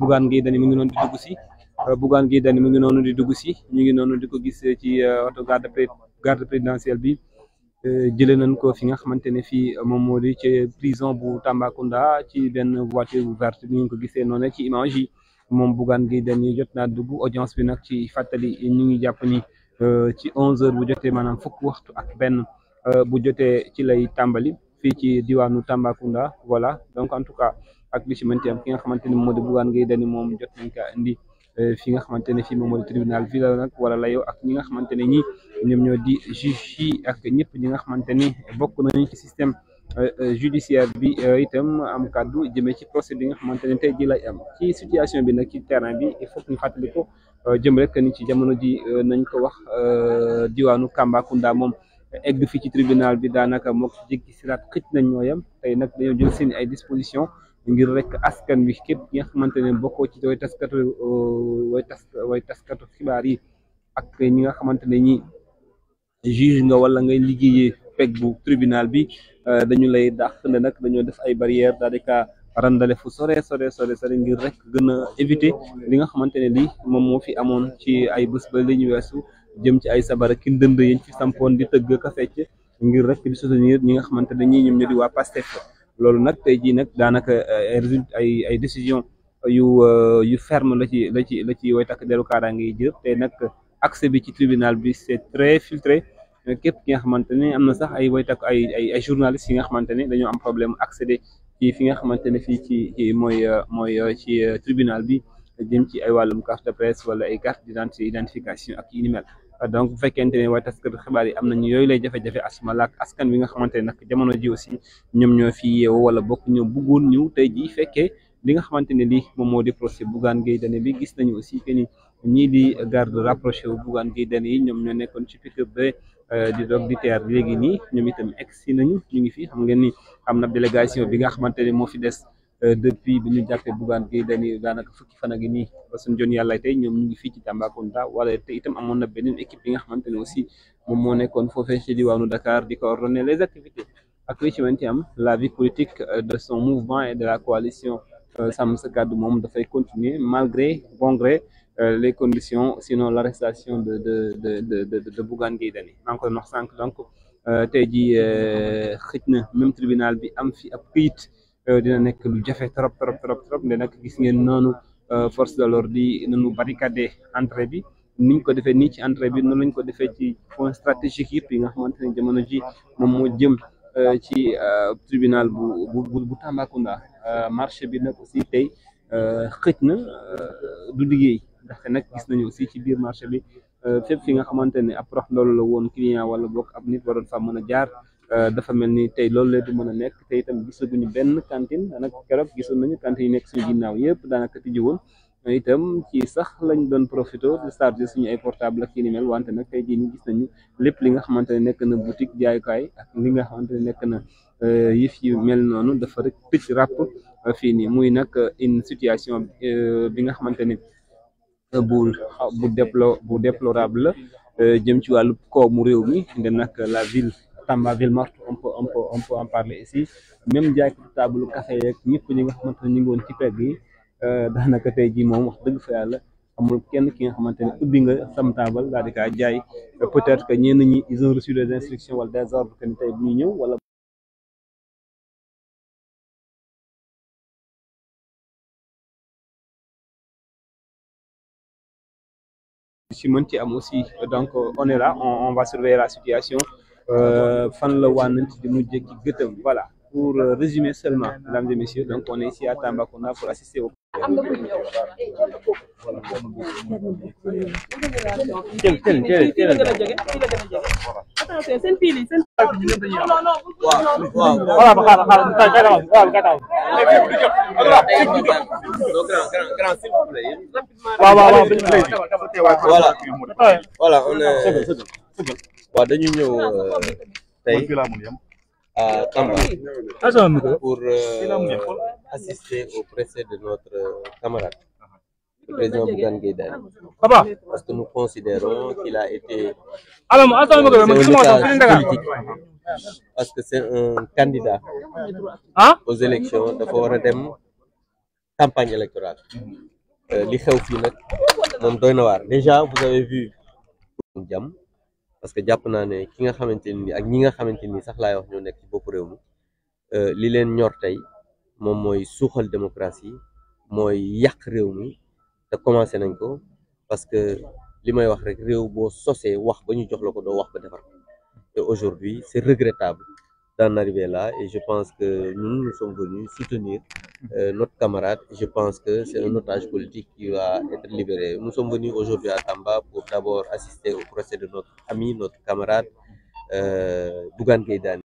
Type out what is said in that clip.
Bougane Gueye Dany mu ngi noonu di dugg si euh, Bougane Gueye Dany mu ngi noonu di dugg si ñu ngi noonu di ko gis euh, ci euh, oto garde garde présidentielle bi jëlee nañ ko fi nga xamante ne fii moom moo di ci prison bu Tambacounda ci benn voiture verte nu ngi ko gisee noonu ci image yi moom Bougane Gueye Dany jot naa dugg audience bi nag ci fàttali ñu ngi jàpp ni ci onze heures bu jotee maanaam fokk waxtu ak benn bu jotee ci lay tàmbali. fii ci diwaanu Tambacounda wala donc en tout cas ak li si mënti am ki nga xamante ni moo di Bougane Gueye Dany moom jot nañ ko indi euh, fi nga xamante ne fii moom moo di tribunal bi la nag wala layoo ak ñi nga xamante ne ñi ñoom ñoo di juge yi ak ñëpp ñi nga xamante ni bokk nañu ci système euh, euh, judiciaire bi itam am kaddu jëmee ci procès bi nga xamante ne tey ji am ci situation bi nag ci terrain bi il faut que ñu fàttali ko jëm rek ni ci jamono ji nañ ko wax diwaanu Tambacounda moom egg fii ci tribunal bi daanaka mook jéggi siraat xëcc nañ ñoo yem tey nag dañoo ay disposition ngir rek askan bi képp ki nga xamante ne bokkoo ci way taskatu euh, way tas xibaar yi ak ñi nga xamante ne ñi juge nga wala ngay liggéeyee peg bu tribunal bi euh, dañu lay dàq ne nag dañoo def ay barrière daal ka randale fu sore sore sore sore ngir rek gën a éviter li nga xamante ne lii moom moo fi amoon ci ay bés ba li ñu weesu jëm ci ay sabar ki ndënd yañ fi sampoon di tëgg ka fecc ngir nga xamante ne ñii ñoom ñoo di waa Pastef loolu nag tey jii nag daanaka ay eh, résultat ay ay décision yu eh, yu ferme la ci la ci la ci way takk deru kaaraange yi jël tey nag accès bi ci tribunal bi c'est très filtré képp ki nga xamante ne am na sax ay way takk ay ay ay journalistes yi nga xamante ne dañoo am problème accéder ci fi nga xamante ne fii ci mooy eh, mooy ci tribunal bi jëm ci ay wàllum carte de presse wala ay carte d'identité identification ak yi ni donc bu fekkente ne waaye taskatu xibaar yi am nañu yooyu lay jafe-jafe asma laak askan wi nga xamante ne nag jamono ji aussi ñoom ñoo fi yeewu wala bokk ñoom bëggoon ñëw tey jii fekkee li nga xamante ne lii moom moo di procès Bougane Gueye Dany bi gis nañu aussi que ñii di garde rapproché wu Bougane Gueye Dany yi ñoom ñoo nekkoon ci pick-up euh, di dog di teer léegi nii ñoom itam egg si nañu ñu ngi fi xam nga ni am na délégation bi nga xamante ne moo fi des Euh, depuis bi ñu jàppee Bougane Gueye Dany daanaka fukki fan ak nii ba suñu jon yàlla tey ñoom ngi fii ci Tambacounda wala te itam amoon na beneen équipe bi nga xamante ne aussi moom moo nekkoon foofee ci diwaanu Dakar di coordonner les activités ak li ci am la vie politique euh, de son mouvement et de la coalition euh, Sàmm Sa Kàddu moom dafay continuer malgré bon les conditions sinon l'arrestation de de de de de de Bougane Gueye Dany maa ngi koy wax sànq donc tey jii xëj na même tribunal bi am fi ab këyit. Euh, dina nekk lu jafe trop trop trop trop ne gis ngeen noonu euh, force de l'ordre di nañu barricadé entrée bi ñu ko defee nii ci entrée bi noonu lañ ko defee ci point stratégique yëpp yi nga xamante ne jamono ji moom moo jëm euh, ci tribunal bu bu bu Tambacounda marché bi nag aussi tey xëj na du liggéey ndaxte nak gis nañu aussi ci biir marché bi fépp fi nga xamante ne ab prox ndool la woon client wala bokk ab nit waroon fa mën a jaar Euh, dafa mel ni tey loolu la du mën a nekk te itam gisaguñu benn cantine daanaka keroog gisoon nañu cantine yu nekk suñu ginnaaw yëpp daanaka tijji woon itam ci sax lañu doon profité di suñu ay portable ak yi ni mel wante nag tey jii gis nañu lépp li nga xamante ne nekk na boutique jaayukaay ak li nga xamante ne nekk na euh, yëf yi mel noonu dafa rek tëj ràpp euh, fii nii muy nag une situation bi nga xamante ni bu bu déplo bu déplorable la jëm ci wàllu koomu réew mi nde nag la ville Tamba ville morte on peut on peut on peut en parler ici même jaaykatu taabalu café yeeg ñëpp ñi nga xamante ne euh, kenn ki nga xamante ne nga sam taabal daal di kaa jaay peut-être que ñenn ñi ils ont reçu des instructions si mën ci am aussi donc on est là on, on va surveiller la situation Euh, fan la wànnant di mujjee ci gëtëm voilà pour euh, résumer seulement mesdames et messieurs donc on est ici à Tambacounda pour assister au voilà on est waa dañu ñëw ah, euh, tey à ah, ah, pour euh, assister au procès de notre euh, camarade le président Bougane Gueye Dany parce que nous considérons qu'il a été politique parce que c'est un candidat aux élections dafa war a dem campagne électorale li xew déjà vous avez vu jam parce que jàpp naa ne ki nga xamante ni ak ñi nga xamante ni sax laa wax ñoo nekk ci bopp réew mi euh, li leen ñor tey moom mooy suuxal démocratie mooy yàq réew mi te commencé nañ ko parce que li may wax rek réew boo sosee wax ba ñu jox la ko doo wax ba defar te aujourd'hui c'est regrettable d'en arriver là et je pense que nous, nous sommes venus soutenir mhm. euh, notre camarade. Je pense que c'est un otage politique qui va être libéré. Nous sommes venus aujourd'hui à Tamba pour d'abord assister au procès de notre ami, notre camarade euh, Bougan Gaïdan.